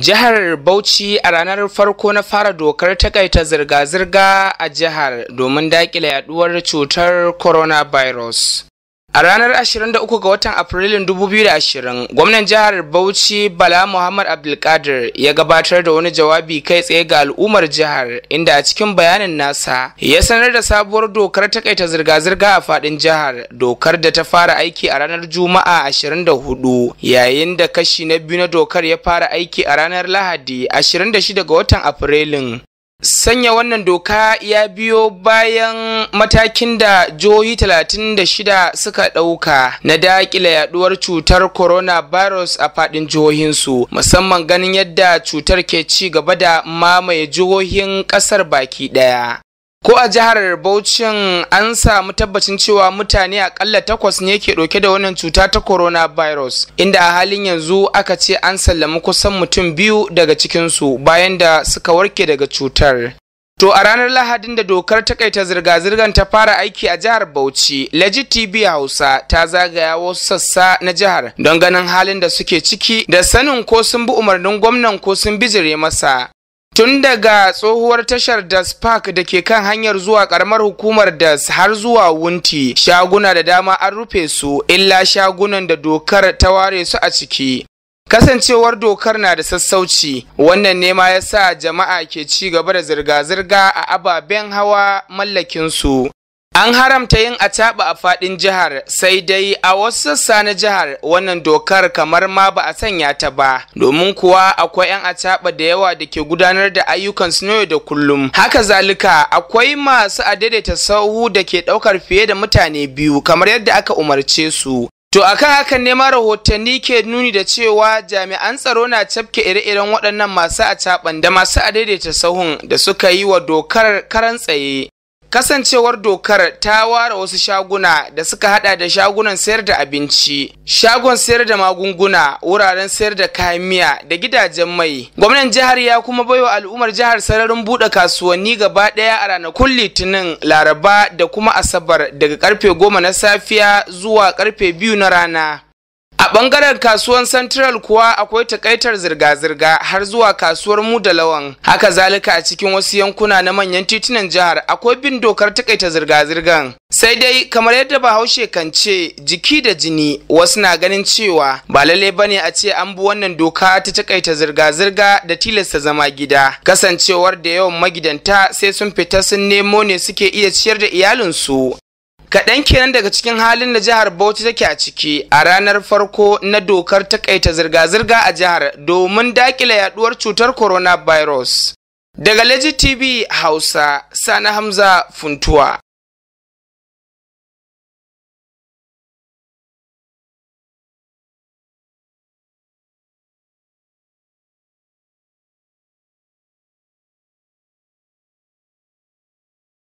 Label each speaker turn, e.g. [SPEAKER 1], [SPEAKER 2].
[SPEAKER 1] Jihar Bauchi a ranar farko na fara dokar takaita zirga-zirga a jihar domin dakile yaduwar cutar coronavirus. A ranar 23 ga watan Afrilun 2020, gwamnan jihar Bauchi Bala Muhammad Abdulkadir ya gabatar da wani jawabi kai tsaye ga al'ummar jihar inda a cikin bayanin nasa ya sanar da sabuwar dokar takaita zirga-zirga a fadin jihar, dokar da ta fara aiki a ranar Juma'a 24 yayin da kashi na biyu na dokar ya fara aiki a ranar Lahadi 26 ga watan Afrilun. sanya wannan doka ya biyo bayan matakin da jihohi 36 suka ɗauka na daƙile yaduwar cutar coronavirus a faɗin jihohinsu musamman ganin yadda cutar ke ci gaba da mamaye jihohin ƙasar baki ɗaya Ko a jihar Bauchin an samu tabbacin cewa mutane akalla takwas ne ke ɗauke da wannan cuta ta coronavirus, inda a halin yanzu aka ce an sallami kusan mutum biyu daga cikinsu bayan da suka warke daga cutar. To a ranar Lahadin da dokar takaita zirga-zirgar ta fara aiki a jihar Bauchi, Legit TV Hausa ta zagaya wasu sassa na jihar don ganin halin da suke ciki da sanin ko sun bi umarnin gwamnan ko sun bijire masa. Tun daga tsohuwar tashar Das Park da ke kan hanyar zuwa karamar hukumar Das har zuwa Wunti, shaguna da dama an rufe su illa shagunan da dokar ta ware su a ciki. Kasancewar dokar na da sassauci, wannan nema ya sa jama'a ke ci gaba da zirga-zirga a ababen hawa mallakinsu. An haramta yin acaɓa a faɗin jihar sai dai a wasu sassa na jihar wannan dokar kamar ma ba a sanya ta ba domin kuwa akwai 'yan acaɓa da yawa da ke gudanar da ayyukan su yau da kullum. Haka zalika akwai masu adaidaita sahu da ke ɗaukar fiye da mutane biyu kamar yadda aka umarce su. To akan hakan ne ma rahotanni ke nuni da cewa jami'an tsaro na cafke ire-iren waɗannan masu acaɓan da masu adaidaita sahun da suka yi wa dokar karan tsaye kasancewar dokar ta ware wasu shaguna da suka hada da shagunan sayar da abinci shagon sayar da magunguna wuraren sayar da kayan miya da gidajen mai gwamnan jihar ya kuma baiwa al'ummar jihar sararin buɗe kasuwanni gaba ɗaya a ranakun litinin laraba da kuma asabar daga karfe goma na safiya zuwa karfe biyu na rana A ɓangaren kasuwan Central kuwa akwai takaitar zirga-zirga har zuwa kasuwar mu lawan. Haka zalika a cikin wasu yankuna na manyan titunan jihar akwai bin dokar takaita zirga-zirgan. Sai dai kamar yadda Bahaushe kan ce jiki da jini wasu na ganin cewa ba lalle bane a ce an bi wannan doka ta takaita zirga-zirga da tilasta zama gida. Kasancewar da yawan magidanta sai sun fita sun nemo ne suke iya ciyar da iyalinsu. kaɗan kenan daga cikin halin da jihar bauchi take a ciki a ranar farko na dokar takaita zirga-zirga a jihar domin dakile yaduwar cutar coronavirus daga legit tv hausa Sani hamza funtuwa